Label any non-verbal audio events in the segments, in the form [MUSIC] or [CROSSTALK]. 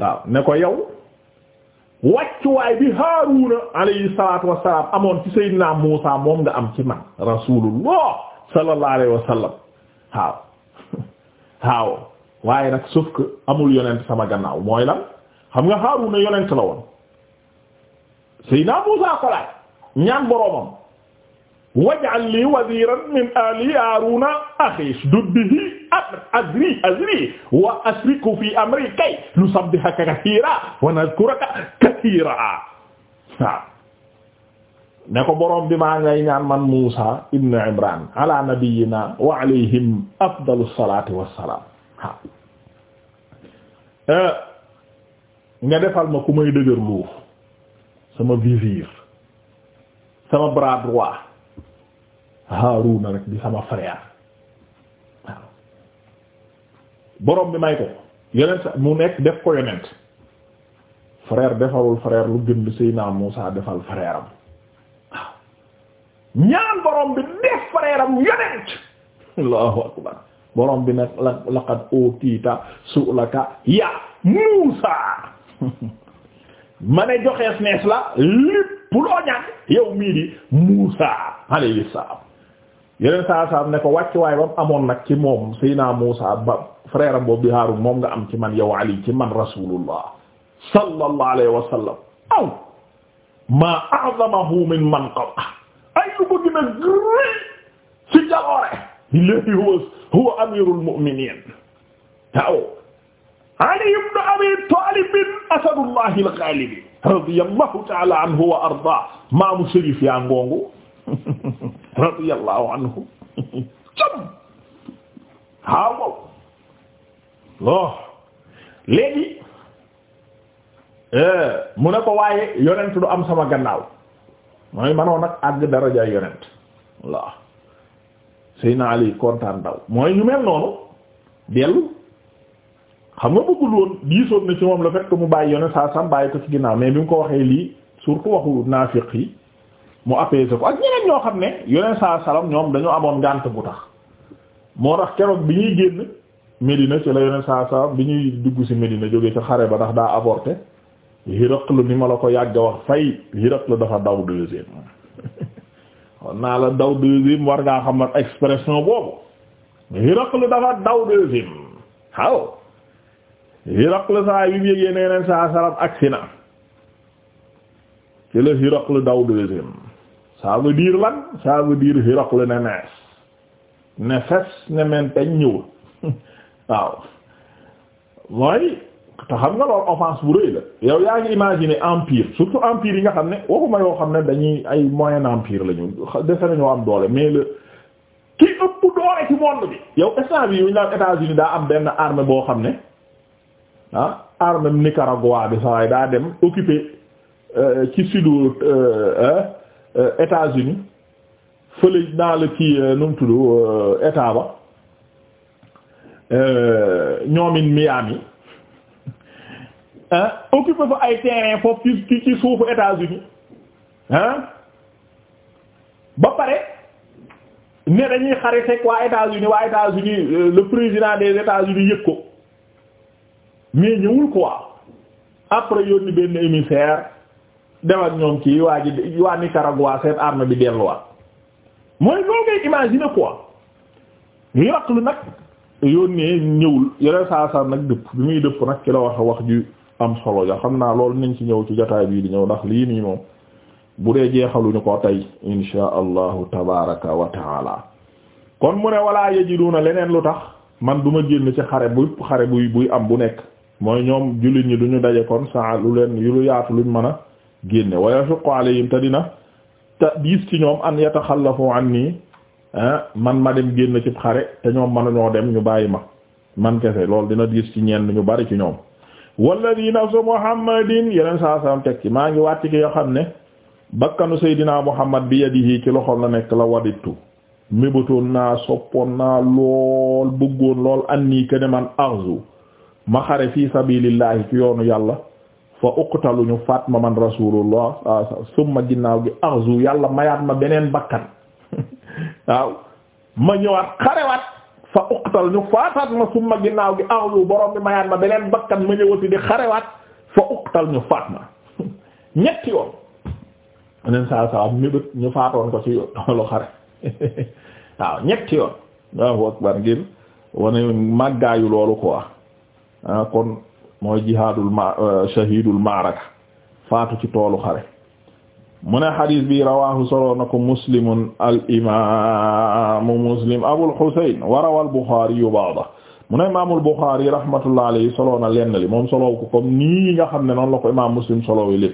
waaw ne ko yow wàccuwaay bi Haaruna alayhi salaatu amoon ci Seydina Muusaa moom nga am ci man Rasulullah sallallahu alayhi wa sallam waaw waaw waaye nag sauf que amul yonent sama gannaaw mooy lan xam nga Haaruna yonent la woon Seydina Muusaa ko laaj ñaan boroomam waj'al li waziran min ali haaruna axi ushdud bihi azri azri wa ashriku fi amri kay nusabbihaka kathiira wa nadhkuraka kathiira waaw ne ko boroom bi maa ngay ñaan man Muusa ibn Imran ala nabiyyina wa alayhim afdalu salaati wassalaam eh, nga defal ma ku may dëgër luuf sama vizir sama bras droit Haaruna rek di sama frère waaw borom bi may ko yonent sa mu nekk def ko yonent frère defalul frère lu gën di Seydina Muusaa defal frère ñaan borom bi def frère yonent Allahu akbar borom bi nag la laqad utiita su'laka ya Muusaa [LAUGHS] ma ne joxees nees la lépp loo ñaan yow mii di Muusaa alayhi salaam yeneen saa saa ne ko wàcc waay ba mu amoon nag ci moom Seyna Muusa ba frère am boobu di Haarun moom nga am ci man yow Ali ci man rasulullah sallallahu alayhi wa sallam aw maa a'zamahu min manqaba ay lu ko gën a gërëm ci jaloore illahi huwa huwa amirul mu'minin waaw Ali ibn Abi Talib asadullahi al-ghalib radiyallahu ta'ala anhu wa arda maamu Sharif yaa ngongu radiyallahu anhu jam waaw wow lo léegi eh, mu ne ko waaye yonent du am sama gannaaw mooy manoon nag àgg darajaay yonent waaw Seydina Ali kontaan daw mooy ñu mel noonu dellu xam nga bëggul woon diisoon na ci moom la fekk mu bàyyi yonent saa sam bàyyi ko ci ginnaaw mais bi mu ko waxee lii surtout waxu naafiq yi mu apaisé ko ak ñeneen ñoo xam ne yeneen saa salaam ñoom dañoo amoon ngànt bu tax moo tax keroog bi ñuy génn Médina ci la yeneen saa salaam bi ñuy dugg si Médina jóge ci xare ba ndax daa avorté Hiraqlu ni ma la ko yàgg wax fay Hiraqlu dafa daw deuxième kon naa la daw deuxième war xam expression boobu Hiraqlu dafa daw deuxième waaw Hiraqlu saa ne yeneen saa salaam agsi na ci la Hiraqlu daw deuxième. ça veut lan ça veut dire Hiraql ne fes ne menteñ ñëwul [LAUGHS] waaw mooy te xam nga loolu offense bu rëy la yow yaa ngi imaginer empire surtout empire yi nga xam ne waxuma yoo xam ne dañuy ay moyen empire la ñu defe am doole mais le ki ëpp doole ci monde bi yow état bi ñu États-Unis daa am benn armée boo xam ne ah armée bi sawaay daa dem occuper euh, ci sudu euh, Euh, États-Unis fële naa la ci nu mu tudd euh, état ba euh, ñoomin Miami ah occupé fa ay terrain foofu ci ci suufu États-Unis ah ba pare ne dañuy xariteeg waa États-Unis waa États-Unis le président des États-Unis yëg ko mais ñëwul quoi après yónni benn émissaire. dem ak ñoom kii waa ji waa Nicaragua seen arme bi delluwaat mooy loo ngay imaginer quoi Hiraqlu nag yónnee ñëwul yore saa saa nag dëpp bi muy dëpp nag ci la wax wax ju am solo ja xam naa loolu nañ ci ñëw ci jotaay bii di ñëw ndax lii nii moom bu dee jeexaluñu ko tey insha allahu tabaraka wa taala kon mu ne walaa yajiduna leneen lu tax man du ma génn ci xare bu xare buy buy am bu nekk mooy ñoom jullit ñi duñu daje kon saa lu leen yu lu a génne wa yashuqu alayhim te dina te diis ci ñoom an yataxallafu anni ah, man ma dem génn ci xare te ñoom mënuñoo dem ñu bàyyi ma man kese lool dina diis ci ñenn ñu bari ci ñoom walladi nafsu muhammadin yeneen saa saam teg ci maa ngi wàcc ki yoo xam ne bakkanu seydinaa muhammad bi yadihi ci loxoom la nekk la wadditu mébatoon naa soppoon naa lool bëggoon lool an nii kene man arzu ma xare fi sabilillahi ci yoonu yàlla fa uqtalu ñu faat ma man rasulullah ah, summa ginnaaw gi arzu yàlla mayaat ma beneen bakkan [LAUGHS] waaw ma ñëwaat xarewaat fa uqtal ñu faataat ma summa ginnaaw gi arzu borom bi mayaat ma beneen bakkan ma ñëwati di xarewaat fa uqtal ñu faat ma [LAUGHS] ñetti yoon ñu faatoon ko ci toolu xare [LAUGHS] waaw ñetti yoon waaw akbar ngir wane ah, kon mooy jihaadul ma euh, shahidul maaraka faatu ci toolu xare mu ne xadis bi rawahu soloo na ko muslimun al imamu muslim abul husayn wa rawa al buxaari yu baada mu ne imaamul buxaari rahmatullah alayhi soloo na lenn li moom soloo ko comme nii nga xam ne noonu la ko muslim soloo yi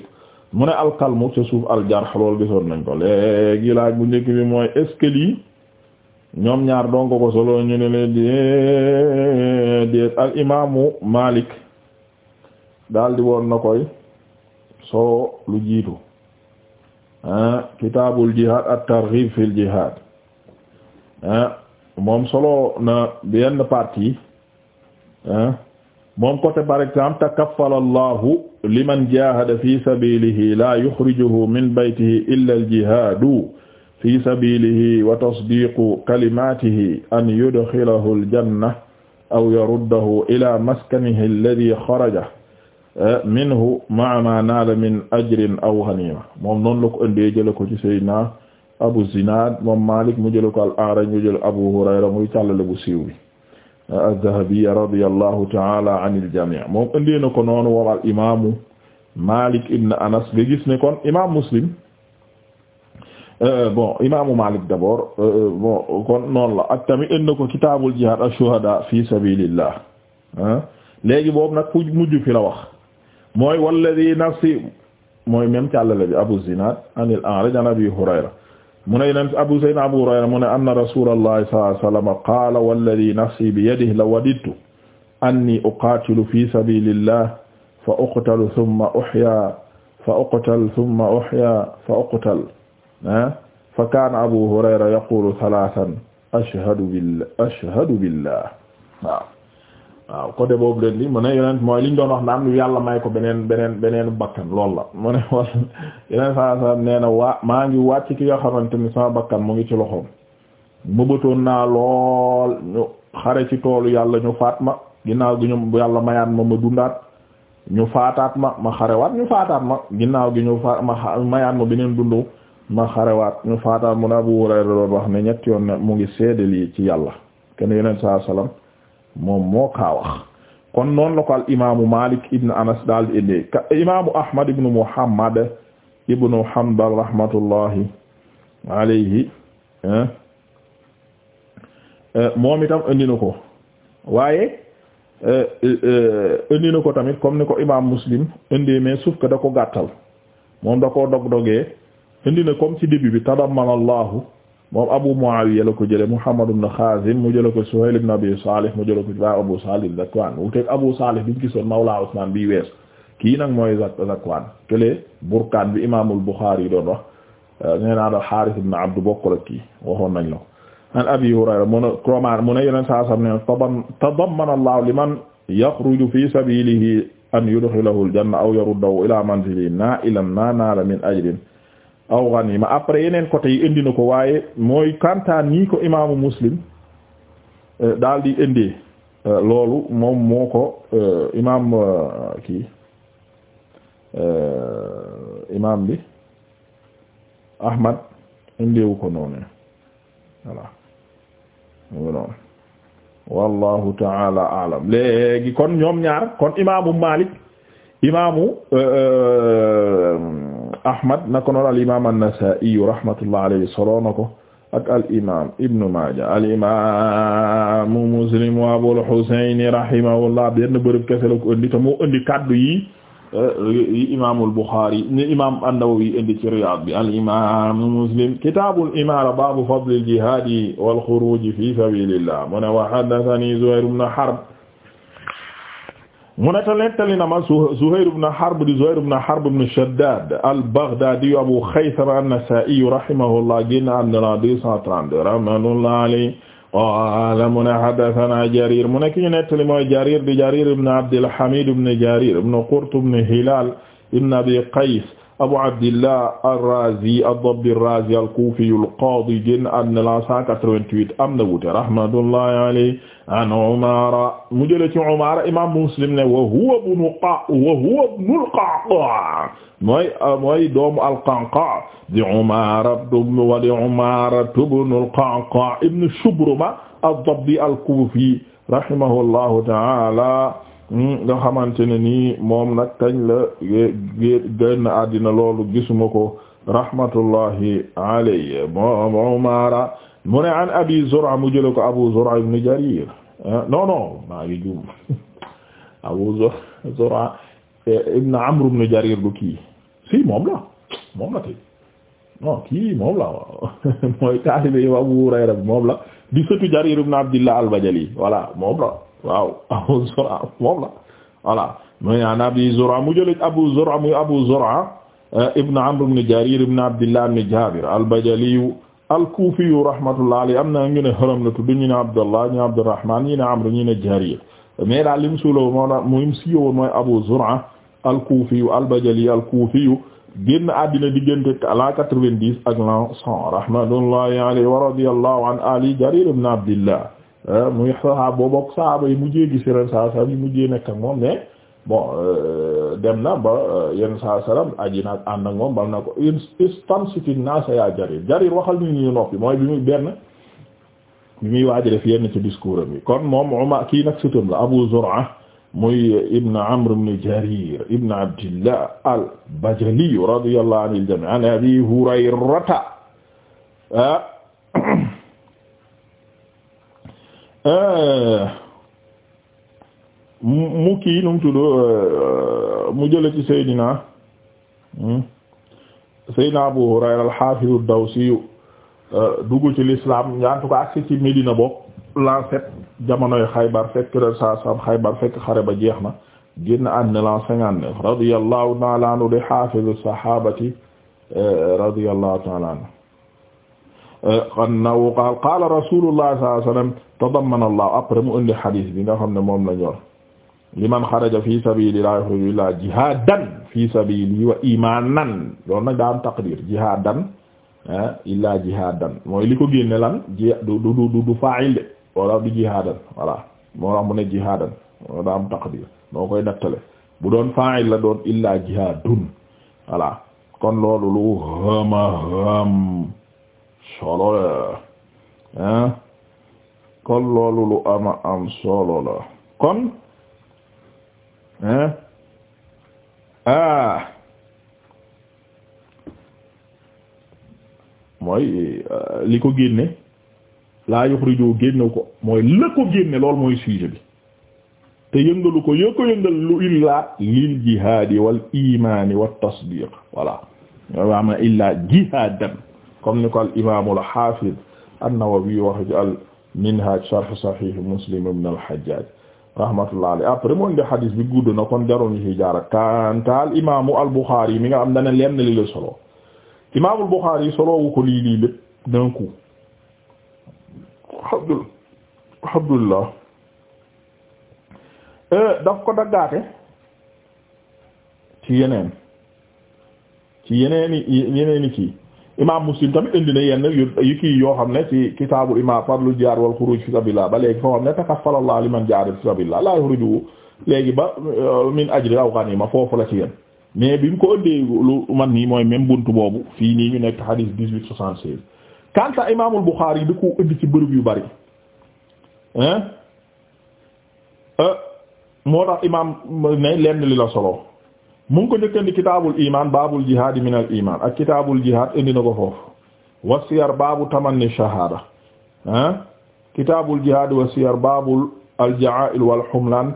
mu ne alkalmu ca suuf aljarh loolu gisoon nañ ko léegi laaj bu njëkk bi mooy est-ce ñoom ñaar dongo ko solo ñu ne leen al imaamu Malik daldi woon na koy soo lu jiitu ah, kitaabul jihaad at-targhiib fil jihaad ah, moom solo na benn partie ah, moom côté par exemple takaffala allahu liman jahada fi sabilihi la yukhrijuhu min baytihi illa al-jihaadu fi sabilihi wa tasdiqu kalimatihi an yudkhilahu al-janna aw yaruddahu ila maskanihi alladhi kharaja Eh, minhu ma'a ma naala min ajrin aw ganima moom noonu la ko ëndee jële ko ci Seydina Abu Zinaad moom Maalik mu jële ko al-A'raj mu jële Abu Hurayra muy càllale bu siiw bi eh, az-Zahabiyya radiyallahu ta'ala anil jami' moom ëndee na ko noonu wom al imaamu Maalik ibn Anas nga gis ne kon imaam Muslim eh, bon imaamu Maalik d'abord bon kon noonu la ak tamit ënd na ko kitaabul jihaad ash-shuhadaa fi sabiilillah léegi boobu nag wax mooy walladi nafsi mooy même càllale bi Abu Zinad anil A'raj an Abi Hurayra mu ne nen Abu Zayd Abu Hurayra mu ne anna Rasulullahi sallallahu alayhi wa sallam qaala walladi nafsi biyadihi la wadidtu anni uqaatilu fi sabilillah fa uqtalu thumma uhya fa uqtal thumma uhya fa uqtal fa kaana Abu Hurayra yaqulu thalathan ashhadu billah ashhadu billah waaw waaw côté boobu leen li mu ne yonent mooy liñ doon wax naan yàlla may ko beneen beneen beneen bakkan loolu la mu ne yeneen saa nee na waa maa ngi wàcc ki nga xamante ni sama bakkan mu ngi ci loxoom mëbatoon naa lool xare ci toolu yàlla ñu faat ma ginnaaw gi ñu yàlla mayaat ma ma dundaat ñu faataat ma ma xarewaat ñu faataat ma ginnaaw gi ñu faat ma mayaat ma beneen dundu ma xarewaat ñu faataat mu ne Abu Hurayra doon wax ne ñetti yoon mu ngi seede lii ci yàlla kenn yeneen saa salaam. moom moo kaa wax kon noonu la ko al imaamu Malik ibn Anas daal di indee imaamu Ahmad ibn Muhammad ibn Hanbal rahmatullahi alayhi euh, moom itam indi ko waaye euh, euh, indi na ko tamit comme ni ko imaam Muslim indi mais suuf que ko gàttal moom da koo dog-dogee indi na comme ci début bi tadammana Allahu moom Abu Muawiya la ko jëlee Muhammad ibn Khazim mu jëlee ko Suhayl ibn Abi Salih mu jëlee ko ba Abu Salih Zakwan wuuteeg Abu Salih bi ñu gisoon Mawla Usman bii wees kii nag mooy Zakwan këlee burkaan bi imaamul Bukhari yi doon wax euh, nee naa da Harith ibn Abd bokkul ak kii waxoon nañ la ko an Abi Hurayra mu ne Cromar mu ne yeneen saa sam ne tadammana Allahu liman yakhruju fi sabilihi an yudkhilahu al-janna aw yaruddahu ila manzilihi na'ilan ma nala min ajrin aw ganima après yeneen côté yi indi ko waaye mooy kantaan nii ko imaamu muslim euh, daal di indi euh, loolu moom moo ko euh, imaam kii imaam bi Ahmad indiwu ko noonu voilà mu noonu wallahu taala alam léegi kon ñoom ñaar kon imaamu Malik imaamu Ahmad naka noonu al imaam an-Nasaa'i rahmatullah alayhi solo na ko ak al imaam Ibn Maaja al imaam Muslim wa Abul Husayn rahimahullah benn bërëb kese la ko indi te moo indi kaddu yi yi imaamul Buxaari ni imaam an-Nawawi indi ci Riyaad bi al imaam Muslim kitaabul imaara baabu fadlil jihaadi wal xuruuji fii sabiilillah mu ne wa haddathanii Zuhayr ibn Harb mu ne te nettali na ma Zuhayr ibn Harb di Zuhayr ibn Harb ibn Shaddad al-Baghdadi Abu Khaythama an-Nasa'i rahimahullah génn àdduna 232 rahmatullahi alayhi qaala mu ne haddathana Jarir mu ne ki ñu nettali mooy Jarir di Jarir ibn Abd al-Hamid ibn Jarir ibn Qurt ibn Hilal ibn Abi Qays Abu Abdillah ar-Razi ad-Dabbi ar-Razi al-Kufi al-Qadi génn àddina la 188 am na wuute rahmatullahi alayhi an Umara mu jëlee ci Umara imaam Muslim ne wa huwa ibnu Qa wa huwa ibnu al-Qa'qa' mooy mooy doomu al-Qa'qa' di Umara wa di Umara ibnu al-Qa'qa' ibnu Shubruma ad-Dabbi al-Kufi rahimahullahu ta'ala nga xamante ne nii moom nag kañ la génn àddina loolu gisuma ko rahmatullahi alayhi Umaara mu ne an Abi Zur'a mu jële ko Abu Zur'a ibn Jarir eh, non non maa ngi juum [LAUGHS] Abu Zur'a eh, ibn Amr ibn Jarir du kii si moom la moom la tey non kii moom la [LAUGHS] mooy taalibe Abu Hurayra moom la di sëtu Jarir ibn Abdillah al-Bajali voilà moom la waaw Abu Zur'a moom la voilà muy an Abi Zur'a mu jël Abu Zur'a muy Abu Zur'a eh, ibn Amr ibn Jarir ibn Abdillah al-Bajali al-Kufi rahmatullah alayhi am na ñu ne Haram la tudd ñu ne Abdallah Jarir mais daal lim mooy Abu Zur'a al-Kufi al-Bajali al-Kufi génn àddina diggante la 90 ak la 100 rahmatullahi alayhi wa radiyallahu an ali Jarir ibn Abdillah Euh, muy saxaab boo bokk saxaaba yi mujjee gis yeneen saa salaam yi mujjee nekk ak moom mais bon euh, dem na ba yenn saa salaam aji na ak ànd ak moom bal na ko istamsik naasa yaa Jarir Jarir waxal ñu ñu noppi mooy bi muy benn bi muy waaj def yenn ci discours am yi kon moom Umar kii nag sëtam la Abu Zur'a muy Ibn Amr ibn Jarir Ibn Abdillah al-Bajali radiyallahu anil jami' an Abi Hurayrata ah, Euh, mu kii nu mu tudd euh, mu jële ci Seydina hmm? Seydina Abu Hurayra al-Hafiz ad-Dawsi euh, dugg ci lislaam en tout cas agsi ci Médina bokk l'an sept jamonoy Xaybar fekk rek saa Xaybar fekk xare ba jeex na génn àddina l'an cinquante-neuf radiyallahu ta'ala anhu de hafiz as-sahabati radiyallahu ta'ala anhu Eh, annahu qaala qaala rasulullah sallallahu alayhi wasallam tadammana allah après mu indi hadith bi nga xam ne moom la ñor liman xaraja fi sabilillahi xurilla jihadan fi sabili wa imanan loolu nag daa am taqdir jihadan ah illa jihadan mooy li ko génne lan ji du du du du de wala du jihadan voilà moo tax mu ne jihadan moo daa am taqdir noo koy nattale bu doon fa'il la doon illa jihadun voilà kon loolu lu hama ham solo la ah? kon loolu lu ama am solo la kon ah, ah. mooy euh, li ko génne laa yuxrijoo génne ko mooy la ko génne loolu mooy sujet bi te yëngalu ko yëg ko yëngal lu illaa lil jihaadi wal imaani wat tasdiq voilà ñooy waa am illaa jihaadan comme ni ko al imaam al haafid an-Nawawi wax al minhaj sharh sahih Muslim ibn al Hajjaj rahmatullah alayhi après mu indi hadis bi gudd na kon jarul ñu ci jaara kantaal imaamu al Bukhari mi nga am dana lenn li la solo imaamul Bukhari solo wu ko lii lii lépp d'un coup abdul abdullah euh, ci yeneen ci yeneeni yeneeni imam muslim tamit indi na yenn yu kii yoo xam ne ci kitaabu imam fadlu jihaad wal xuruj fi sabilillah ba léegi foo xam ne takaffala Allah liman jaada fi sabilillah la yuxriju léegi ba euh, min ajri aw ma foofu la ci yéen mais bi mu ko ëndee lu man nii mooy même buntu boobu fii nii ñu nekk hadith dix-huit soixante-seize kanta imaamul Buxaari yi da ko indi ci bërëb yu bari hein euh, moo tax imam ne lenn li la solo mu ngi ko njëkkandi kitaabul iman baabul jihad min al iman ak kitaabul jihad indi na ko foofu tamanni shahada ah kitaabul jihad wasiyar baabul aljaa'il wal humlan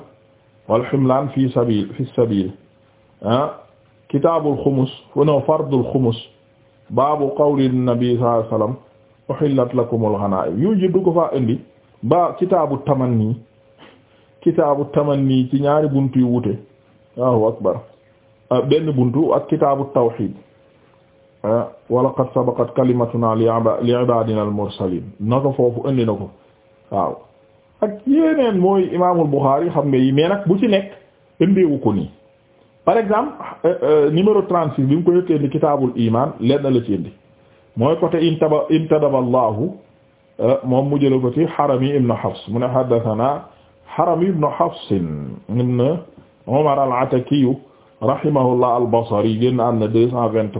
wal humlan fi sabil fi sabil ah kitaabul xumus no fardul xumus baabu qawli nabi sallallahu alayhi wasallam uhillat lakumul ghanaa'im yu jiddu ko fa indi ba kitaabu tamanni kitaabu tamanni ci ñaari buntu yu wute Allahu akbar Euh, benn buntu ak kitaabu tawhid euh, wa laqad sabaqat kalimatuna li ibadina al mursalin na ko foofu indi na ko waaw ak yeneen mooy imaamul Bukhari xam nga yi mais nag bu ci nekk indiwu ko nii par exemple euh, numéro 36 bi mu ko yëkkee indi kitaabul iman leen na la ci indi mooy côté intaba intadaba allahu moom mu jëla ko ci Harami ibn Hafs mu ne haddathana Harami ibn Hafs ibn Umar al-Atakiyu rahimahullah al-Basri génn am na 223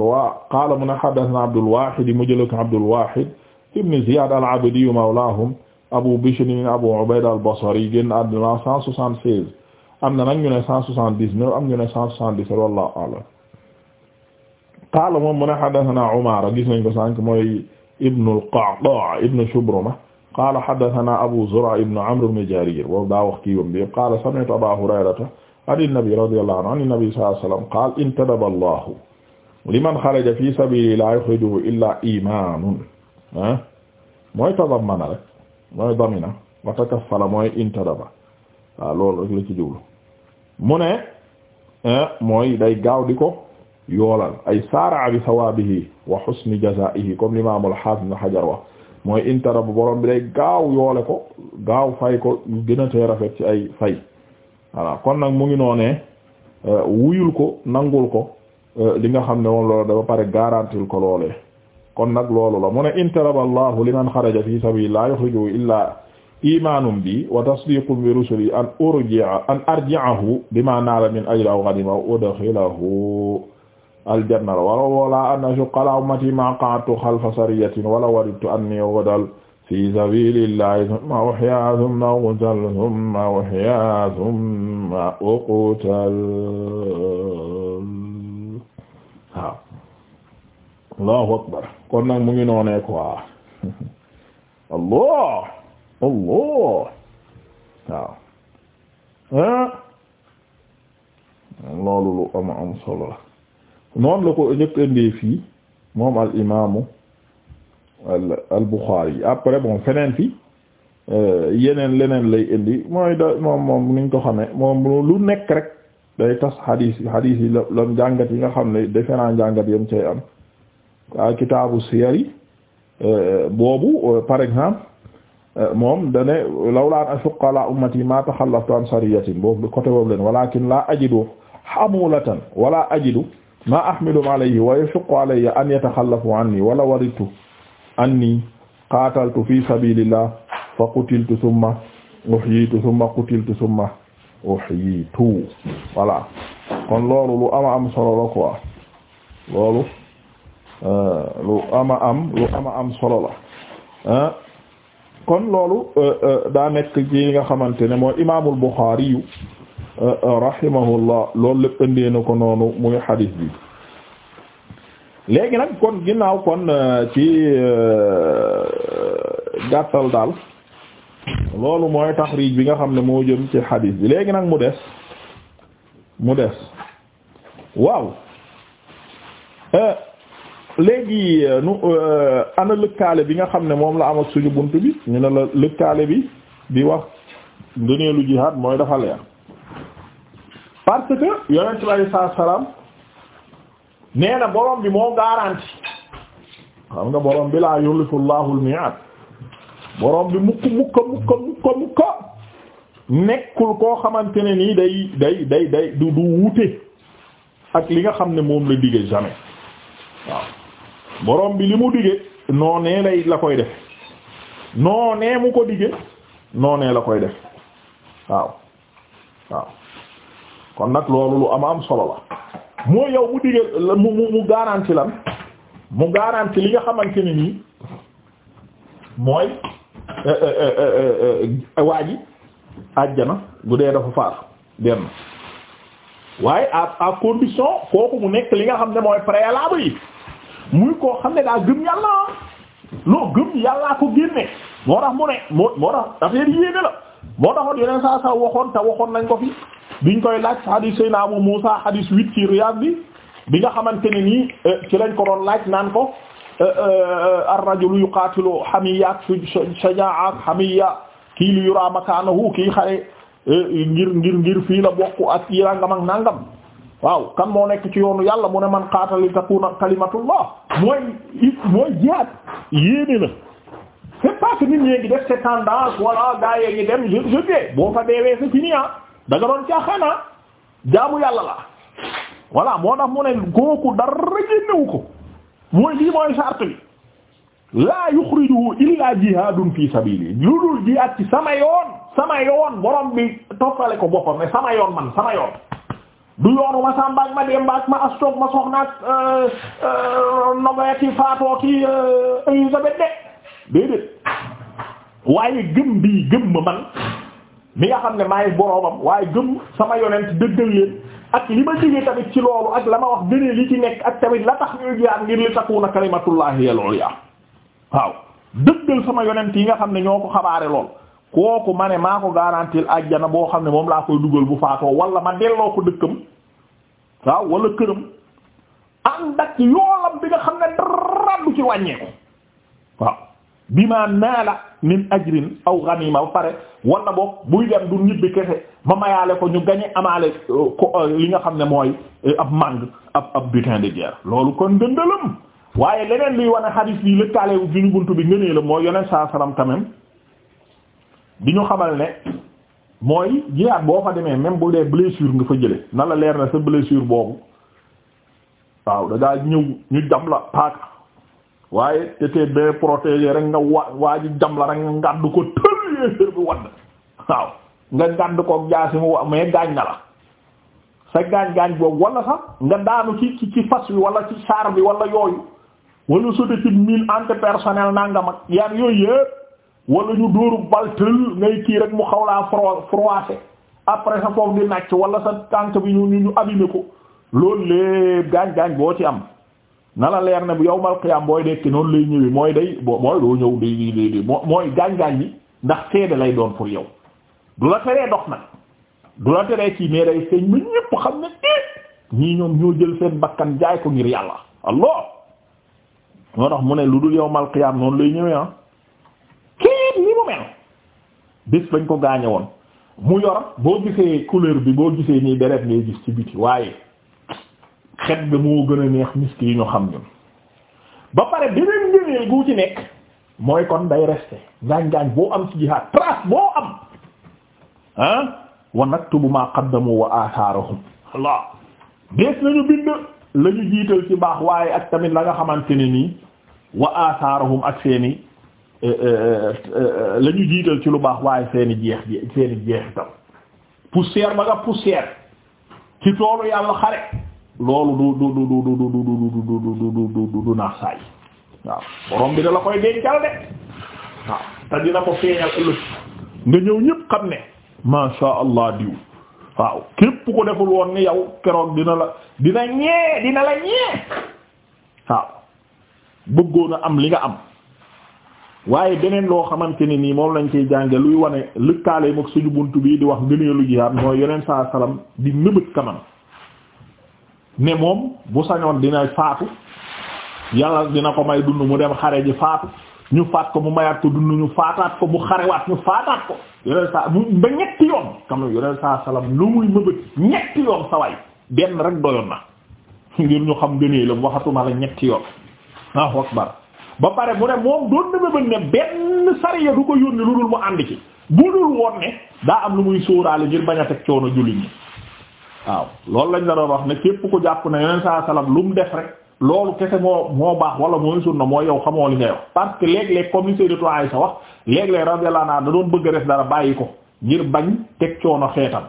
qaala mu ne haddathana Abdul Wahid mu jël ko Abdul Wahid ibn Ziyad al-Abdi mawlahum Abu Bishr Abu Ubayd al-Basri génn am na 176 am na nag ñu ne 179 am ñu ne 177 wallahu a'lam qaala moom mu ne haddathana Umara gis nañ ko sànq mooy ibn al-Qa'qa' ibn Shubruma qaala haddathana Abu Zur'a ibn Amr ibn Jarir boobu daa wax kii yom bi yëpp qaala sami'tu Aba Hurayrata an innabi radiyallahu anhu an innabi sallallahu alayhi wasallam qaala intadaba allahu liman xaraja fi sabiilihi laa yuxrijuhu illaa iimaanun ah mooy tadammana rek mooy damina wa takaffala mooy intadaba waaw loolu rek la ci jublu mu ne mooy day gaaw di ko yoolal ay saara'a bi sawaabihi wa husni jazaa'ihi comme l'imam al-Haafiz Ibn Hajar wax mooy intadaba borom bi day gaaw yoole ko gaaw fay ko gën a tee rafet ci ay fay voilà kon nag mu ngi noone euh, wuyul ko nangul ko euh, li nga xam ne moom loolu dafa pare garantil ko loolee kon nag loolu la mu ne intaraba allahu liman xaraja fi sabilillah yuxrijuhu illa imanum bi wa tasdiqum bi rusuli an urji'a an arji'ahu bima naala min ajli aw ghanima aw udxilahu aljanna wala wala an ashuqqa ala ummati ma qa'adtu xalfa sariyatin wala waridtu anni badal fi sabilillahi thumma uhya thumma uqtal thumma uhya thumma uqtal waaw allahu akbar kon nag mu ngi noonee quoi allah allah waaw loolu lu am am solo la noonu la ko njëkk a indi fii moom al imaamu al al Bukhari après bon feneen fi euh, yeneen leneen lay indi mooy da moom moom niñ ko xamee moom lu nekk rek day tas xadiis xadiis yi nga xam ne différent njàngat yam cay am a kitaabu siyar euh, boobu euh, par exemple moom dane lawlaan ashuqqa ala ummati ma taxallaftu an sariyatin boobu côté boobu leen walakin la ajidu hamulatan wala ajidu ma ahmilum alayhi wa yashuqqu alayya an yataxallafu anni wala waritu anni qataltu fi sabilillah fa qutiltu thumma uhyitu thumma qutiltu thumma uhyitu voilà kon loolu lu ama am solo la loolu euh, lu ama am lu ama am solo la kon loolu euh, euh, daa nekk ci nga xamante ne mooy imaamul Buxaari yu rahimahullah loolu lépp ëndee na ko noonu muy hadis bi léegi nag kon ginnaaw kon euh, ci euh, gàttal daal loolu mooy taxriij bi nga xam ne moo jëm ci xadiis bi léegi nag mu des mu des waaw euh, léegi nu ana lëkkaale bi nga xam ne moom la am ak suñu bunt bi ñu ne la lëkkaale bi di wax lu jihaad mooy dafa parce que yonent bi sallallahu alayhi nee na borom bi moo garanti xam nga borom bi laa yulifu llahu al bi mukk mukka mukka mukka mukka koo xamante ne nii day day day day ak li nga xam ne moom la dige jamais waaw bi li mu dige noonee la koy def noonee mu ko dige noonee la koy def waaw nag loolu lu am am solo la mooy yow mu digal mu mu mu garanti lan mu garanti li nga xamante ne nii mooy eh, eh, eh, waa ji àjjana bu dee dafa faatu benn waaye à à condition kooku mu nekk li nga xam ne mooy préalable yi muy koo xam ne daa gëm yàlla loo gëm yàllaa ko génne moo tax mu ne moo moo tax affaire yéene la moo taxoon yeneen saa saa waxoon te waxoon nañ ko fi biñ koy laaj hadis sayna Abu Musa hadis huit ci Riyad bi bi nga xamante ne nii euh, ci lañ ko doon laaj naan ko euh, euh, ar-rajulu yuqatilu hamiya shaja'a hamiya makaana li yura makanahu kii ngir ngir ngir fii la bokk ak yi nangam ak nangam waaw kan moo nekk ci yoonu yàlla mu ne man qaatali takuna kalimatullah mooy mooy jihaad yéene na c'est pas que nit def cette tendance wala gaa yi ngi dem je je boo fa deewee c'est fini da nga doon caaxaanaa ah. jaamu yàlla la moo tax mu ne kooku dara génnewu ko mooy lii mooy sart bi laa illa jihaadun fi sabili lu dul ci sama yoon sama yoon borom bi ko boppam mais sama yoon man sama yoon du yoonu ma sàmbaak ma dembaak ma astoog ma soxnaak euh, euh, nogoya ki faatoo ki Élisabeth euh, de déedéet waaye gëm bii gëm man mi nga xam ne maay boroomam waaye gëm sama yonent dëggal leen ak li ma jógee tamit ci loolu ak la ma wax gënee li ci nekk ak tamit la tax ñuy jaar ngir li takuna kalimatullahi al-ulya waaw dëggal sama yonent yi nga xam ne ñoo ko xabaare lool kooku ma ne maa ko garantil ajjana boo xam ne moom laa koy dugal bu faatoo wala ma delloo ko dëkkam waaw wala këram ànd ak yoolam bi nga xam ne dara du ci wàññeeku waaw bi ma la min ajrin aw ganima ba pare wala boog buy dem du ñibbi kese ma mayaale ko ñu gañe amaale euh, ko euh, li nga xam ne mooy euh, ab màng ab ab butin de guerre loolu kon dëndalam waaye leneen luy wane xadis bi lëkkaale bi ñu buntu bi ngënee la mooy yeneen saa salaam tamit di ñu xamal ne mooy jihaad boo fa demee même bu dee blessure nga fa jële na la leer na sa blessure boobu waaw da ñëw ñu jam la paaka waaye te te bien protégé rek nga waa ji jam la rek nga ngàdd ko tël yéeféer bi wadd waaw nga ngàdd ko jaasi mu wa mais gaañ na la sa gaañ-gaañ boobu wala sax nga daanu ci ci ci fas bi wala ci saar bi wala yooyu wala sote ci mine antipersonnel nanga mag yaan yooyu yëpp wala ñu dóoru bal tël ngay kii rek mu xaw laa fro froissé après sa foofu di nàcc wala sa tànk bi ñu ñu abîmé ko loolu lépp gaañ-gaañ boo ci am na la leer ne bu yowmal qiyaam booy dekki noonu lay ñëwee mooy day mooy doo ñëw day day day mooy gaañ-gaañ bi ndax seede lay doon pour yow du la teree dox nag du la teree ci mais day sëñ ba ñépp xam ne é eh, ñii ñoom ñoo jël seen bakkan jaay ko ngir yàlla allah moo tax mu ne lu dul yowmal qiyaam noonu lay ñëwee ah kii ni mu mel bés bañ ko gaañe woon mu yor boo gisee couleur bi boo gisee nii deret ngay gis ci biti waaye xet bi moo gën a neex miski yi ñu xam ñun ba pare beneen ngëneel gu ci nekk mooy kon day resté ngaañ-ngaañ boo am ci jihaad trace boo am ah wa naktubu ma qaddamu wa athaarahum Allah dees nañu bind la jiital ci baax waaye ak tamit la nga xamante ne nii wa athaarahum ak seeni eh, eh, eh, lañu ñu jiital ci lu baax waaye seeni jeex seeni jeexital poussière ba nga poussière ci toolu yàlla xare loolu du du du du du du du du du du naax saay waaw borom bi da la koy dencal de waaw te dina ko feeñal ëllëg nga ñëw ñëpp xam ne masha allah diw waaw képp ko deful woon ni yow keroog dina la dina ñee dina la ñee waaw bëggoon a am li nga am waaye beneen loo xamante ne nii moom lañ ciy jànge luy wane lëkkaale mag suñu bunt bii di wax gëneelu jihaad mooy yeneen saa salaam di nëbët kanam ne moom bu sañoon dina faatu yàlla dina ko may dund mu dem xare ji faatu ñu faat ko mu mayaat ko dund ñu faataat ko mu xarewaat ñu faataat ko yeneen saa mu ba ñetti yoon kam yeneen sa waay benn rek doyoon na ngir ñu xam gënee la waxatuma la ñetti yoon ba pare mu ne moom doon na ne benn sariya du ko yónni lu dul mu ànd ci bu dul woon ne daa am lu muy sóoraale ngir bañ coono jullit ñi waaw loolu lañ la doon wax ne képp ko jàpp na yeneen saa salaam lu mu def rek loolu kese moo moo baax wala mooy sunna moo yow xamoo li ngay wax parce que léeg-léeg comme ni Sayyidatu Aisha wax léeg-léeg radiyallahu anha da doon bëgg a dara bàyyi ko ngir bañ teg coono xeetam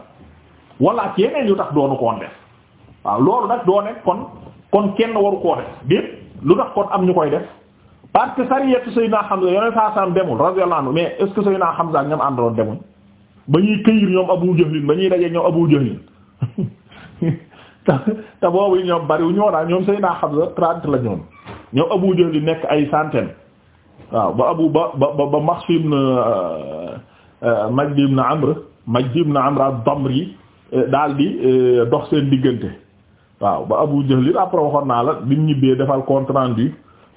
wala ak yeneen yu tax doonu koon def waaw loolu nag doo nekk kon kon kenn waru koo def déet lu tax kon am ñu koy def parce que sariyatu Sayyidina Hamza yeneen saa salaam demul radiyallahu anhu mais est ce que Sayyidina Hamza ak ñoom ba ñuy këyir ñoom Abu Jahlin ba ñuy dajee ñoom Abu Jahlin [LAUGHS] te te boobu ñoom bariwul ñoo naa ñoom Seydina Hamza trente la ñoom ñoom Abu Jahl nekk ay centaine waaw ba Abu ba ba ba Maxs ibn euh, euh, Majd na Amr Majd ibn Amr ad-Damri euh, daal di dox seen diggante waaw ba Abu Jahl après waxoon naa la bi mu ñibbee defal compte rendu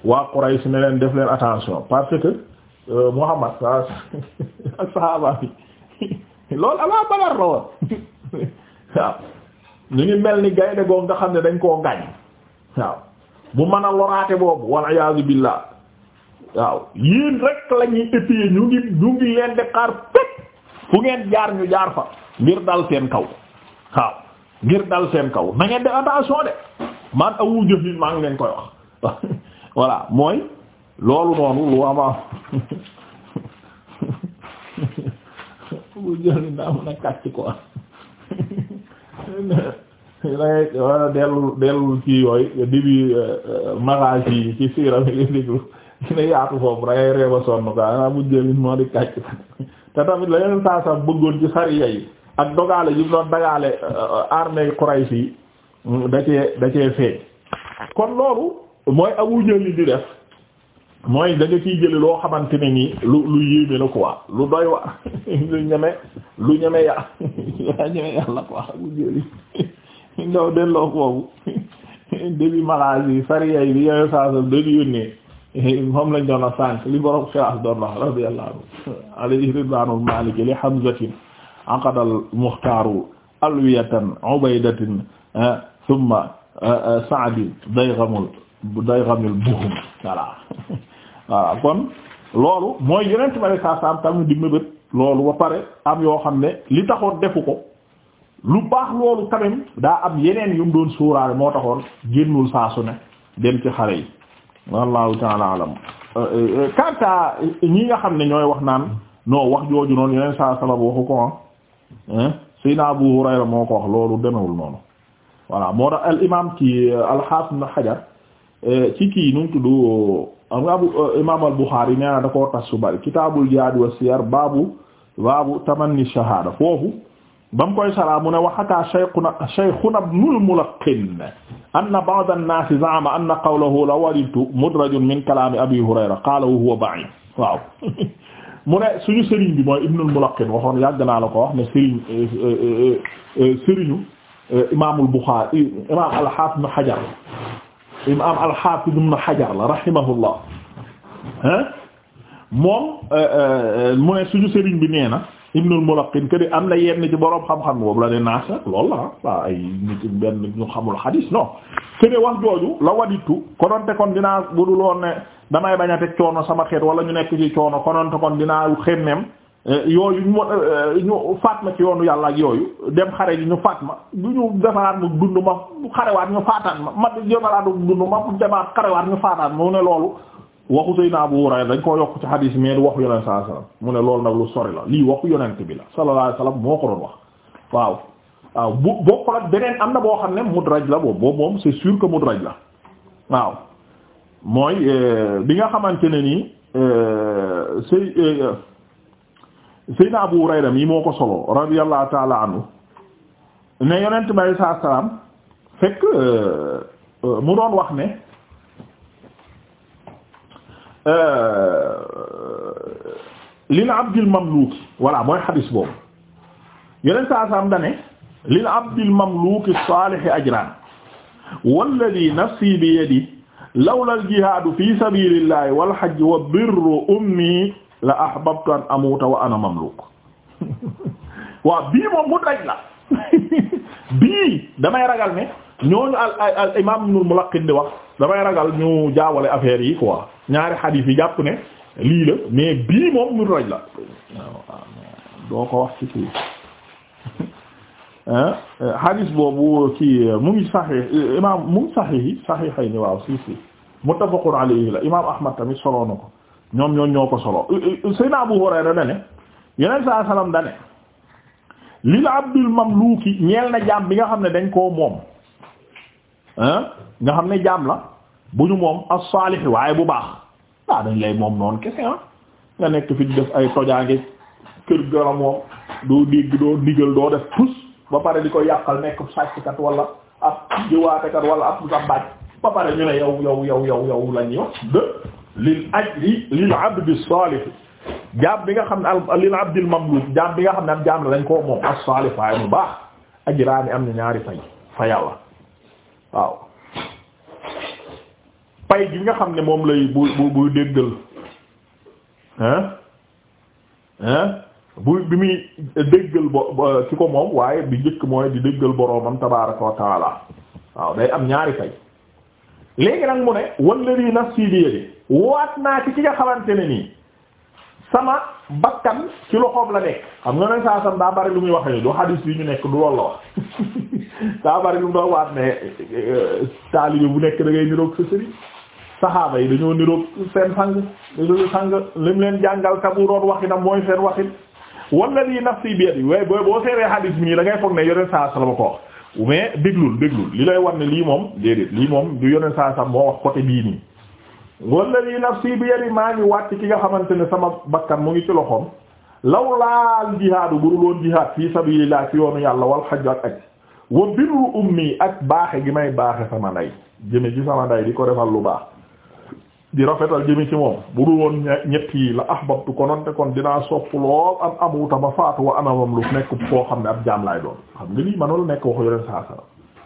waa Quraysh ne leen def leen attention parce que Muhammad [LAUGHS] ak saxaaba bi loolu ala Badar la woon [LAUGHS] waaw ñu ngi mel ni gaynde googu nga xam ne dañ koo gaañ waaw bu mën a loraate boobu wal iyaazu billaah waaw yéen rek la ñuy épier ñu ngi ñu ngi leen di xaar pét fu ngeen jaar ñu jaar fa ngir dal seen kaw dal seen kaw na ngeen def attention de man awu jëfin maa ngi leen koy wax [LAUGHS] voilà mooy loolu noonu lu ama bu [LAUGHS] jëfin daa mën a kàcc quoi dangay dellu dellu ci yooyu début eh, eh, maraaj yi ci siira mi ngi déglu dina yaatu foofu dangay reeba sonn ko anaa mujjëlin moo di kàcc te tamit la saa saa bëggoon ci sariya yi ak dogale yi mu doon dagaale eh, armée Quraysh yi mm, da cee feeñ kon loolu mooy Abu di def mooy da nga ciy jële loo xamante ne nii lu lu yéeme la quoi lu doy wa [LAUGHS] lu ñeme lu ñeme ya yaa [LAUGHS] ñeme yàlla quoi bu jëli [LAUGHS] ndaw delloo foofu début malage yi sariya yi bi yooyu saa soxla déglu yónnee moom lañ doon a sànq li borom xilaas doon wax radiyallahu alayhi ridwaanul maaliki li hamzatin aqadal muxtaaru alwiyatan ubaydatin ah, thumma ah, ah, saadin daygamul daygamul buhum voilà waaw kon loolu mooy yeneen ma ne saa saam tam di mëbët loolu ba pare am yoo xam ne li taxoon defu ko lu baax loolu tamit daa am yeneen yu mu doon suuraale moo taxoon génnul saa su ne dem ci xare yi wallahu ta'ala alam euh, euh, euh, ñi nga xam ne ñooy wax naan non wax jooju noon yeneen saa sallam waxu ko ah sayna Abu Hurayra moo ko wax loolu demewul noonu voilà moo tax al imam ki al-Hafiz Ibn ci kii nu mu tudd am nga abu euh, imam al-Bukhari nee na da koo tas su bari kitaabul jihaad wa siyar baabu baabu tamanni shahaada foofu ba mu koy saraa mu ne waxakaa shaykhuna shaykhuna ibnul Mulaqqin anna ba'da an-naas za'ama anna qawlahu law waridtu mudrajun min kalaami Abi Hurayra qaala wa huwa ba'iid waaw [LAUGHS] mu ne suñu sëriñ bi mooy ibnul Mulaqqin waxoon yàgg naa la ko wax ne sëriñ euh, euh, sëriñu imaamul Bukhari imaam al-Haafiz Ibn Hajar imaam al-Hafiz ibn Hajar la rahimahullah ah moom euh, euh, mu ne suñu sëriñ bi nee na Ibnul Mulaqqin que am na yenn ci borom xam-xam boobu la ne naasa loolu la ah ay nit ñu xamul xadis non que ne wax jooju la waditu kononte kon dinaa budul woon ne damay bañ a teg coono sama xeet wala ñu nekk ci coono kononte kon dinaa xemmeem. Euh, yooyu euh, ñu faat ma ci yoonu yàlla ak yooyu dem xare ji ñu faat ma du ñu defaraat mu dund ma xarewaat ñu faataat ma ma defaraat mu dund ma demaat xarewaat ñu faataat ma mu ne loolu waxu Seydina Abu Hurayra dañ koo yokk ci xadiis mais waxu yonent mu ne loolu nag lu sori la lii waxu yonent bi la sallallahu alayhi moo ko doon wax waaw waaw bu bokkul ak beneen am na boo xam ne mudraj la boobu boobu moom c'est sûr que mudraj la waaw mooy euh, bi nga xamante ne nii Seydina Abu Hurayra mi moo ko solo radiyallahu taala anhu ne yonent bi alayhi salaatu salaam fekk euh, euh, mu doon wax ne euh, lil abdil mamluuki voilà mooy xadis boobu yonent saa salaam da ne lil abdil mamluuki saalihi ajraan walladii nafsii biyadihi lawlal jihaadu fii sabiilillaahi wal hajju wa birru ummi la ahbabtu an amuta wa bii moom mu daj la bii damay ragal ne ñooñu al al imam Ibnul Mulaqqin di wax damay ragal ñu jaawale affaire yi quoi ñaari hadith yi jàpp ne lii la mais bii moom mu daj la doo ko wax ci kii hadith boobu ci mu ngi sahih imam mu ngi sahih yi sahihayni waaw si si muttafaqun alayhi la imam Ahmad tamit solo ko ñoom ñoon ñoo ko solo euh, euh, Seydina Abu Hurayra dane yeneen saa salaam dane lil abdul mamluuki ñeel na jaam bi nga xam ne dañ koo moom nga xam ne jaam la bu ñu moom as-saalih waaye bu baax waaw ah, dañ lay moom noonu kese ah nga nekk fi def ay tojaange kër gara moom doo dégg doo digal doo def tus ba pare di ko yàqal nekk sàcckat wala ab jiwaatekat wala ab sa ba pare ñu ne yow yow yow yow yow lañ yow lil ajri lil abdi salih jaam bi nga xam ne al lil abdil mamluk jaam bi nga xam ne am jaam la dañ koo moom as-salih mu baax ajraani am na ñaari fay fa yàlla waaw pay gi nga xam ne moom lay bu bu buy déggal hein hein bu bi muy déggal bo ci ko moom waaye bi jëkk mooy di déggal boroomam tabaaraka wa waaw day am ñaari fay léegi nag mu ne walladi nafsi bi di waat naa ci ki nga xamante ne nii sama bakkan ci loxoom la nekk xam nga ne saa sam daa bari lu muy wax ne du hadis bi ñu nekk du loolu la wax [LAUGHS] daa bari lu mu doon waat ne euh, taalibe bu nekk da ngay niroog sa sëriñ saxaaba yi dañoo niroog seen sang sang lim leen jàngal ka bu doon waxinam mooy seen waxin walladi nafsi bi yadi waaye boo boo seetee hadis bi nii da ngay foog ne yore saa sala ba ko wax mais déglul déglul li lay war ne lii moom déedéet lii moom du yoneen saa sam moo wax côté bii nii wala lii nafsi bi yadi maa ngi wàcc ki nga xamante ne sama bakkan mu ngi ci loxoom law laal jihaadu burul woon jihaad fii sabilillah ci yoonu yàlla wal xajju ak aj wa birru ummi ak baaxe gi may baaxe sama nday jëme ci sama nday di ko defal lu baax di rafetal jëmi ci moom bu dul woon ñett yi la ahbabtu kononte kon dinaa sopp lool am amuta ba faatu wa anawam lu nekk foo xam ne ab jaam laay doon xam nga lii manula nekk waxu yoneen saa saa